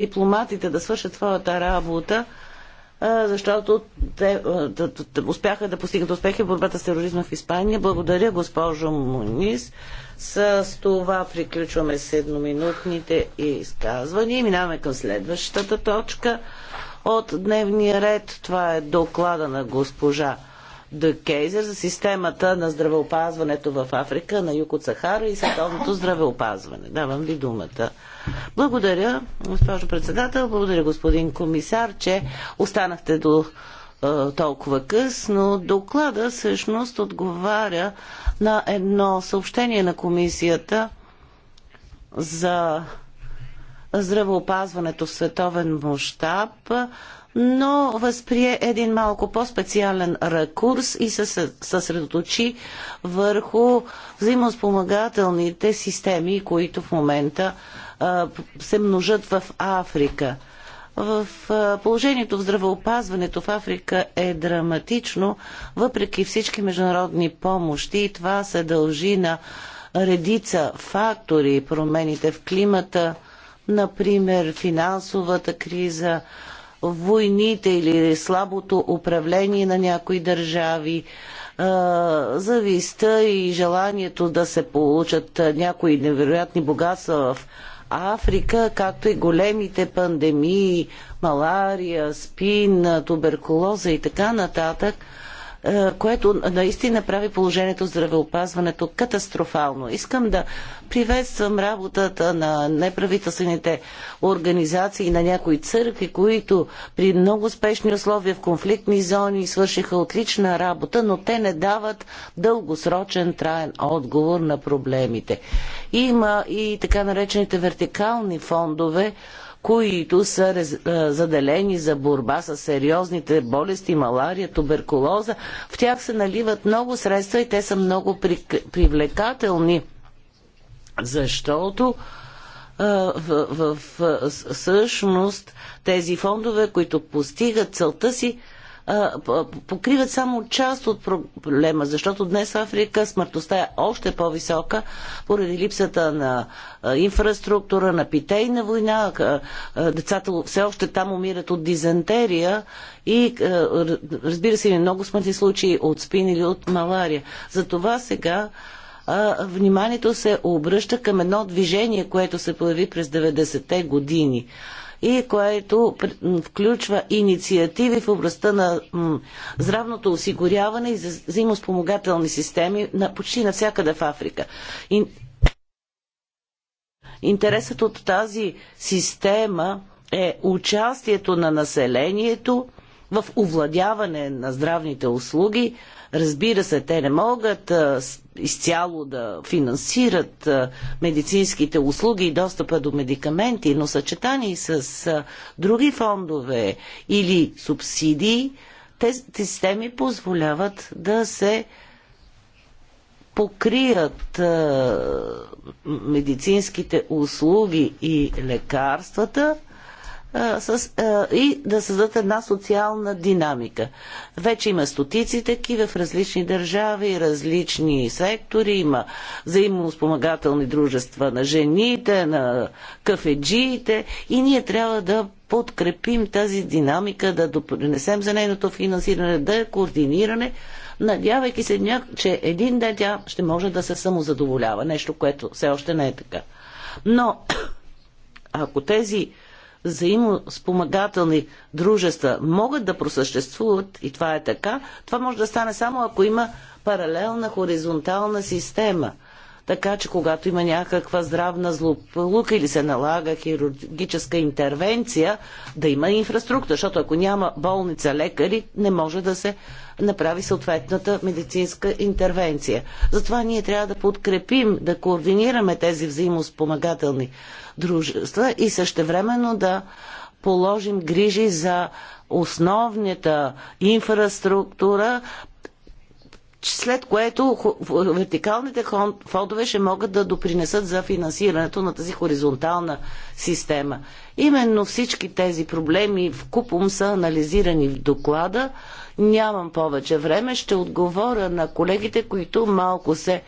дипломатите да свършат своята работа, защото те успяха да постигнат успехи в борбата с тероризма в Испания. Благодаря, госпожо Мунис. С това приключваме с едноминутните изказвания и минаваме към следващата точка от дневния ред. Това е доклада на госпожа Де Кейзер за системата на здравеопазването в Африка, на юг от Сахара и световното здравеопазване. Давам ви думата. Благодаря, госпожо председател, благодаря, господин комисар, че останахте до е, толкова късно. Доклада всъщност отговаря на едно съобщение на комисията за здравеопазването в световен мащаб, но възприе един малко по-специален ракурс и се съсредоточи върху взаимоспомагателните системи, които в момента се множат в Африка. В положението в здравеопазването в Африка е драматично, въпреки всички международни помощи и това се дължи на редица фактори, промените в климата, например финансовата криза, войните или слабото управление на някои държави, зависта и желанието да се получат някои невероятни богатства в Африка, както и големите пандемии, малария, спин, туберкулоза и така нататък – е, което наистина прави положението в здравеопазването катастрофално. Искам да приветствам работата на неправителствените организации на някои църкви, които при много спешни условия в конфликтни зони свършиха отлична работа, но те не дават дългосрочен траен отговор на проблемите. Има и така наречените вертикални фондове, които са заделени за борба с сериозните болести, малария, туберкулоза. В тях се наливат много средства и те са много привлекателни, защото в, в, всъщност тези фондове, които постигат целта си, покриват само част от проблема, защото днес в Африка смъртността е още по-висока поради липсата на инфраструктура, на питейна война. Децата все още там умират от дизентерия и разбира се, има много смъртни случаи от спин или от малария. Затова сега вниманието се обръща към едно движение, което се появи през 90-те години и което включва инициативи в областта на здравното осигуряване и взаимоспомогателни системи на почти навсякъде в Африка. Интересът от тази система е участието на населението в овладяване на здравните услуги, Разбира се, те не могат изцяло да финансират медицинските услуги и достъпа до медикаменти, но съчетани с други фондове или субсидии, тези системи позволяват да се покрият медицинските услуги и лекарствата а, с, а, и да създадат една социална динамика. Вече има стотици такива в различни държави, различни сектори, има взаимоспомагателни дружества на жените, на кафеджиите и ние трябва да подкрепим тази динамика, да допринесем за нейното финансиране, да е координиране, надявайки се, дня, че един ден тя ще може да се самозадоволява. Нещо, което все още не е така. Но ако тези взаимоспомагателни дружества могат да просъществуват, и това е така, това може да стане само ако има паралелна хоризонтална система – така че когато има някаква здравна злополука или се налага хирургическа интервенция, да има инфраструктура, защото ако няма болница, лекари, не може да се направи съответната медицинска интервенция. Затова ние трябва да подкрепим, да координираме тези взаимоспомагателни дружества и същевременно да положим грижи за основната инфраструктура, след което вертикалните фондове ще могат да допринесат за финансирането на тази хоризонтална система. Именно всички тези проблеми в купум са анализирани в доклада. Нямам повече време. Ще отговоря на колегите, които малко се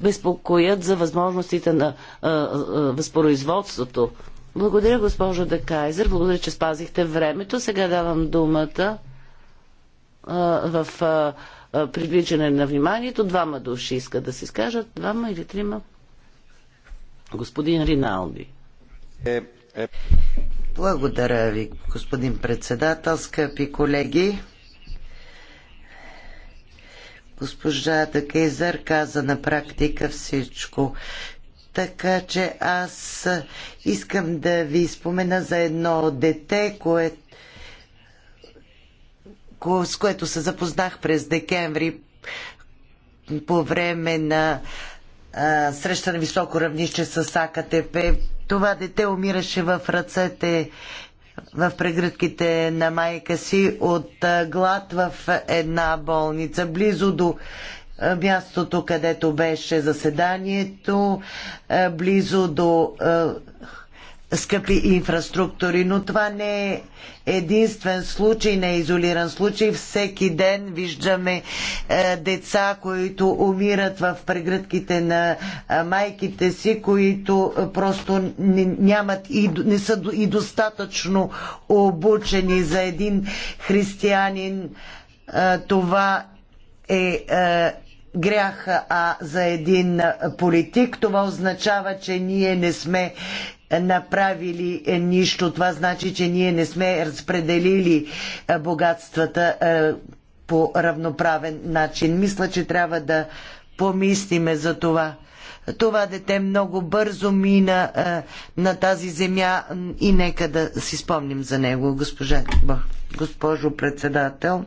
безпокоят за възможностите на а, а, възпроизводството. Благодаря, госпожо Декайзер. Благодаря, че спазихте времето. Сега давам думата а, в. А, привличане на вниманието. Двама души искат да се скажат, Двама или трима. Господин Риналди. Е, е. Благодаря ви, господин председател, скъпи колеги. Госпожа Кейзър, каза на практика всичко. Така че аз искам да ви спомена за едно дете, което с което се запознах през декември по време на а, среща на високо равнище с АКТП. Това дете умираше в ръцете в прегръдките на майка си от глад в една болница, близо до мястото, където беше заседанието, близо до скъпи инфраструктури, но това не е единствен случай, не е изолиран случай. Всеки ден виждаме е, деца, които умират в прегръдките на е, майките си, които е, просто не, нямат и, не са и достатъчно обучени за един християнин. Е, това е, е грях, а за един е, политик това означава, че ние не сме направили е, нищо. Това значи, че ние не сме разпределили е, богатствата е, по равноправен начин. Мисля, че трябва да помислиме за това. Това дете много бързо мина на тази земя и нека да си спомним за него, госпожа, госпожо председател,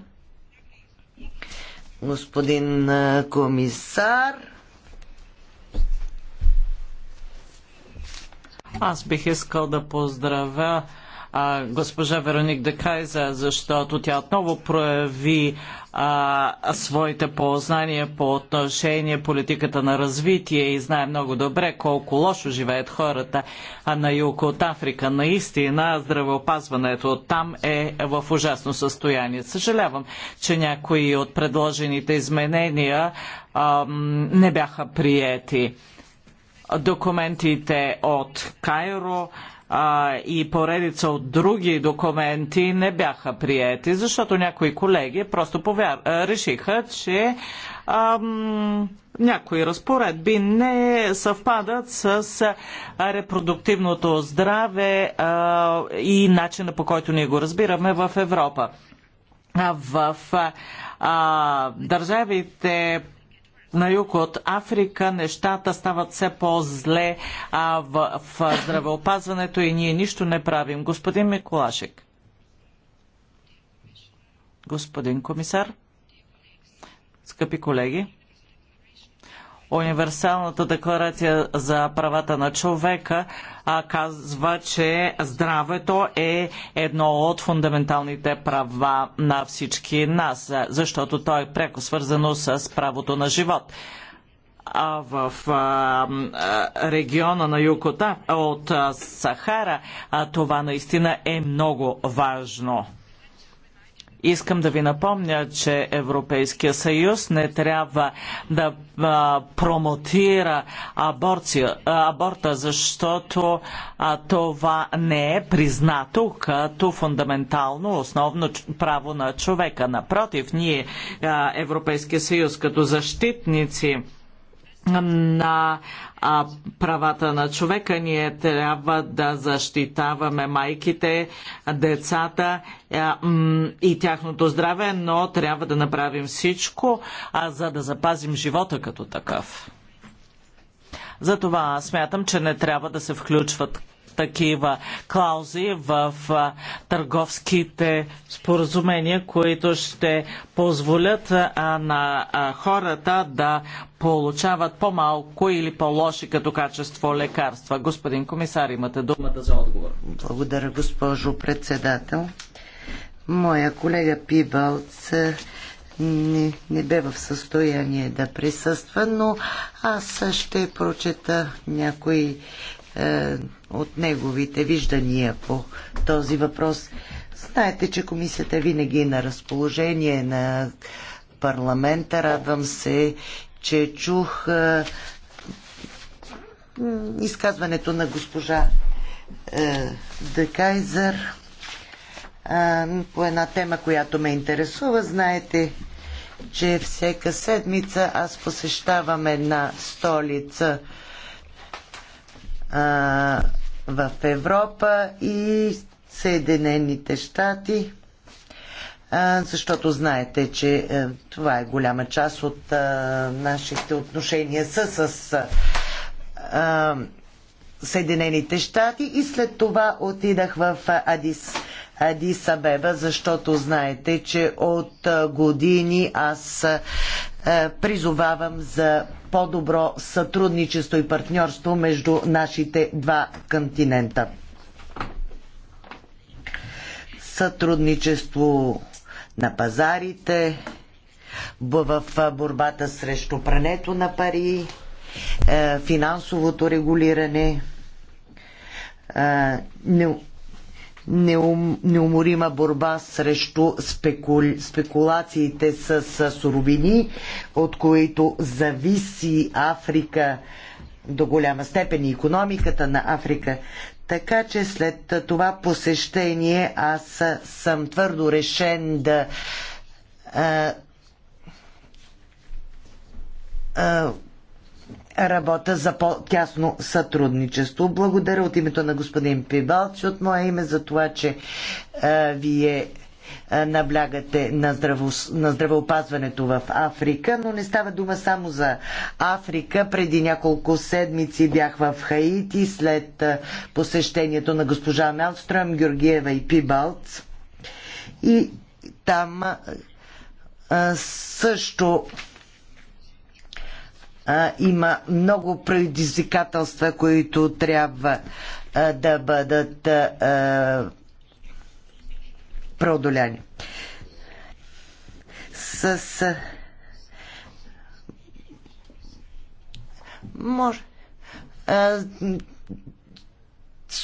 господин комисар. Аз бих искал да поздравя а, госпожа Вероник Декайза, защото тя отново прояви а, своите познания по отношение политиката на развитие и знае много добре колко лошо живеят хората а на юг от Африка. Наистина здравеопазването там е в ужасно състояние. Съжалявам, че някои от предложените изменения а, не бяха приети документите от Кайро а, и поредица от други документи не бяха приети, защото някои колеги просто повяр... решиха, че ам, някои разпоредби не съвпадат с репродуктивното здраве а, и начина по който ние го разбираме в Европа. В а, държавите на юг от Африка нещата стават все по-зле а в, в здравеопазването и ние нищо не правим. Господин Миколашек. Господин комисар, скъпи колеги, Универсалната декларация за правата на човека а, казва, че здравето е едно от фундаменталните права на всички нас, защото то е преко свързано с правото на живот. А в а, региона на Юкота от а, Сахара а, това наистина е много важно. Искам да ви напомня, че Европейския съюз не трябва да а, промотира аборция, аборта, защото а, това не е признато като фундаментално основно право на човека. Напротив, ние, а, Европейския съюз, като защитници на а, правата на човека. Ние трябва да защитаваме майките, децата а, и тяхното здраве, но трябва да направим всичко, а, за да запазим живота като такъв. Затова смятам, че не трябва да се включват такива клаузи в търговските споразумения, които ще позволят на хората да получават по-малко или по-лоши като качество лекарства. Господин комисар, имате думата за отговор. Благодаря, госпожо председател. Моя колега Пибалц не, не бе в състояние да присъства, но аз ще прочета някои е, от неговите виждания по този въпрос. Знаете, че комисията е винаги е на разположение на парламента. Радвам се, че чух е, изказването на госпожа Декайзър по една тема, която ме интересува. Знаете, че всека седмица аз посещавам една столица а, в Европа и Съединените щати, а, защото знаете, че а, това е голяма част от а, нашите отношения са с а, Съединените щати и след това отидах в Адис. Адиса Беба, защото знаете, че от години аз е, призовавам за по-добро сътрудничество и партньорство между нашите два континента. Сътрудничество на пазарите, в борбата срещу прането на пари, е, финансовото регулиране, е, неум, неуморима борба срещу спекулациите с, с суровини, от които зависи Африка до голяма степен и економиката на Африка. Така че след това посещение аз съм твърдо решен да а, а, Работа за по-тясно сътрудничество. Благодаря от името на господин Пибалч, от мое име за това, че а, вие наблягате на, здраво, на здравеопазването в Африка, но не става дума само за Африка. Преди няколко седмици бях в Хаити след посещението на госпожа Мелстрам, Георгиева и Пибалц. И там също има много предизвикателства, които трябва да бъдат а, преодоляни. С. може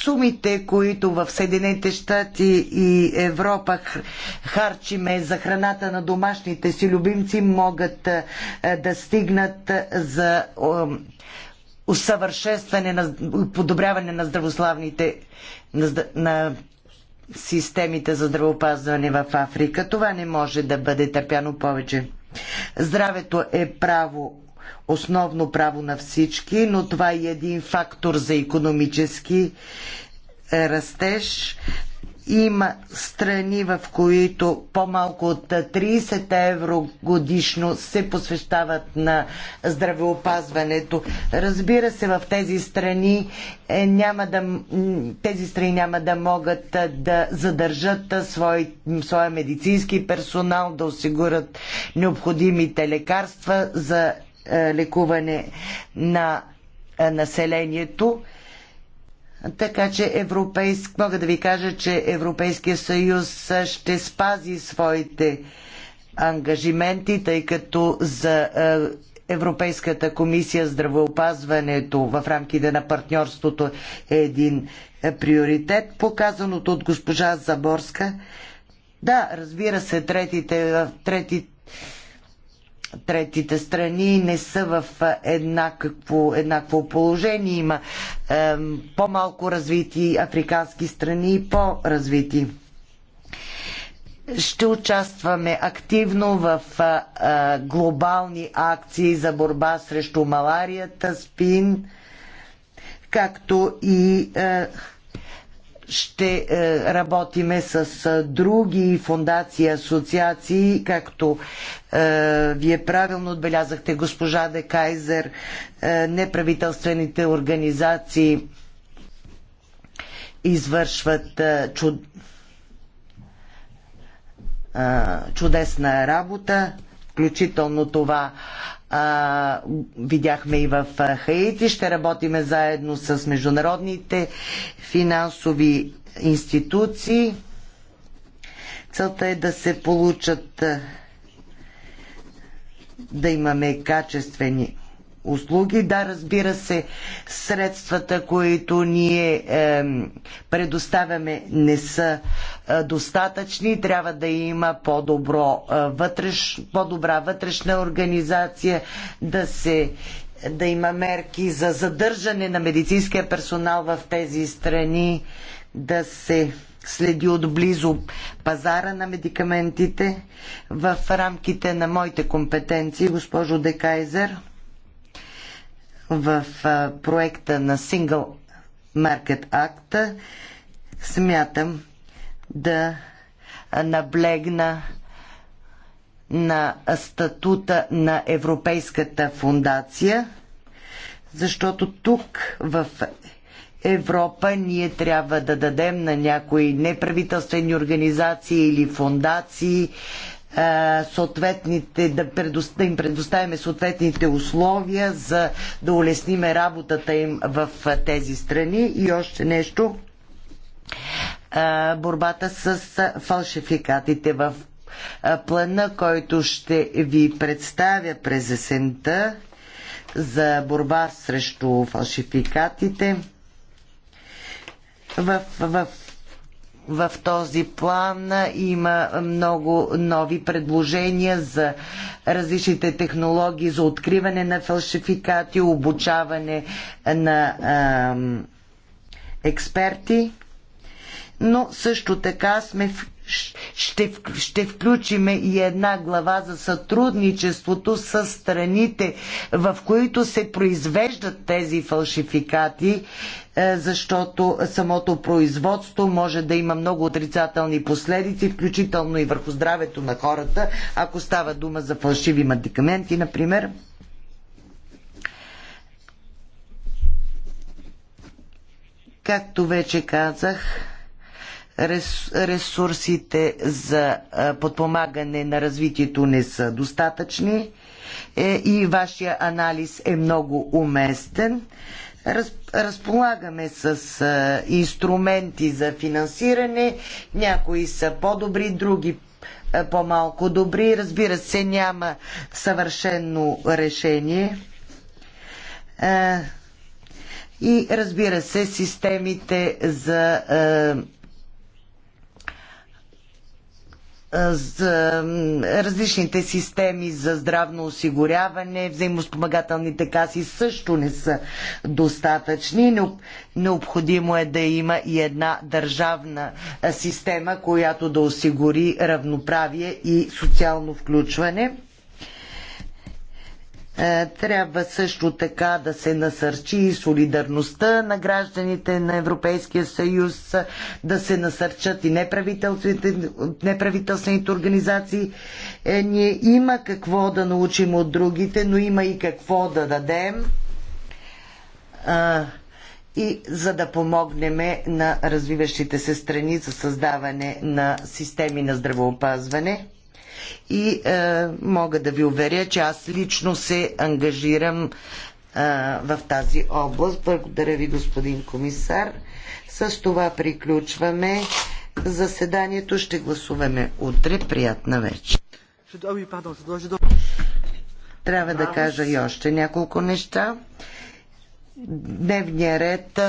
сумите, които в Съединените щати и Европа харчиме за храната на домашните си любимци, могат да стигнат за усъвършенстване на подобряване на здравославните на, системите за здравеопазване в Африка. Това не може да бъде търпяно повече. Здравето е право основно право на всички, но това е един фактор за економически е, растеж. Има страни, в които по-малко от 30 евро годишно се посвещават на здравеопазването. Разбира се, в тези страни е, няма да, тези страни няма да могат е, да задържат свой, своя медицински персонал, да осигурят необходимите лекарства за е, лекуване на е, населението. Така че европейск, мога да ви кажа, че Европейския съюз ще спази своите ангажименти, тъй като за е, Европейската комисия здравеопазването в рамките на партньорството е един приоритет. Показаното от госпожа Заборска. Да, разбира се, третите, трети, третите страни не са в еднакво, еднакво положение. Има е, по-малко развити африкански страни и по-развити. Ще участваме активно в глобални акции за борба срещу маларията, спин, както и е, ще е, работиме с е, други фундации, асоциации, както е, вие правилно отбелязахте, госпожа Де Кайзер, неправителствените организации извършват чуд... чудесна работа, включително това а, видяхме и в Хаити. Ще работиме заедно с международните финансови институции. Целта е да се получат да имаме качествени услуги. Да, разбира се, средствата, които ние е, предоставяме, не са е, достатъчни. Трябва да има по-добро, е, вътреш, по-добра вътрешна организация, да се да има мерки за задържане на медицинския персонал в тези страни, да се следи отблизо пазара на медикаментите в рамките на моите компетенции, госпожо Декайзер в проекта на Single Market Act смятам да наблегна на статута на Европейската фундация, защото тук в Европа ние трябва да дадем на някои неправителствени организации или фундации съответните, да, да им предоставяме съответните условия за да улесниме работата им в тези страни. И още нещо борбата с фалшификатите в плана, който ще ви представя през есента за борба срещу фалшификатите. В, в в този план има много нови предложения за различните технологии за откриване на фалшификати, обучаване на а, експерти. Но също така сме ще, ще включиме и една глава за сътрудничеството с страните, в които се произвеждат тези фалшификати, е, защото самото производство може да има много отрицателни последици, включително и върху здравето на хората, ако става дума за фалшиви медикаменти, например. Както вече казах, ресурсите за подпомагане на развитието не са достатъчни е, и вашия анализ е много уместен. Разполагаме с инструменти за финансиране, някои са по-добри, други по-малко добри. Разбира се, няма съвършено решение. И разбира се, системите за за различните системи за здравно осигуряване, взаимоспомагателните каси също не са достатъчни. Необходимо е да има и една държавна система, която да осигури равноправие и социално включване. Е, трябва също така да се насърчи и солидарността на гражданите на Европейския съюз, да се насърчат и неправителствените, неправителствените организации. Е, ние има какво да научим от другите, но има и какво да дадем и за да помогнем на развиващите се страни за създаване на системи на здравоопазване и е, мога да ви уверя, че аз лично се ангажирам е, в тази област. Благодаря ви, господин комисар. С това приключваме заседанието. Ще гласуваме утре. Приятна вечер. Трябва да кажа и още няколко неща. Дневния ред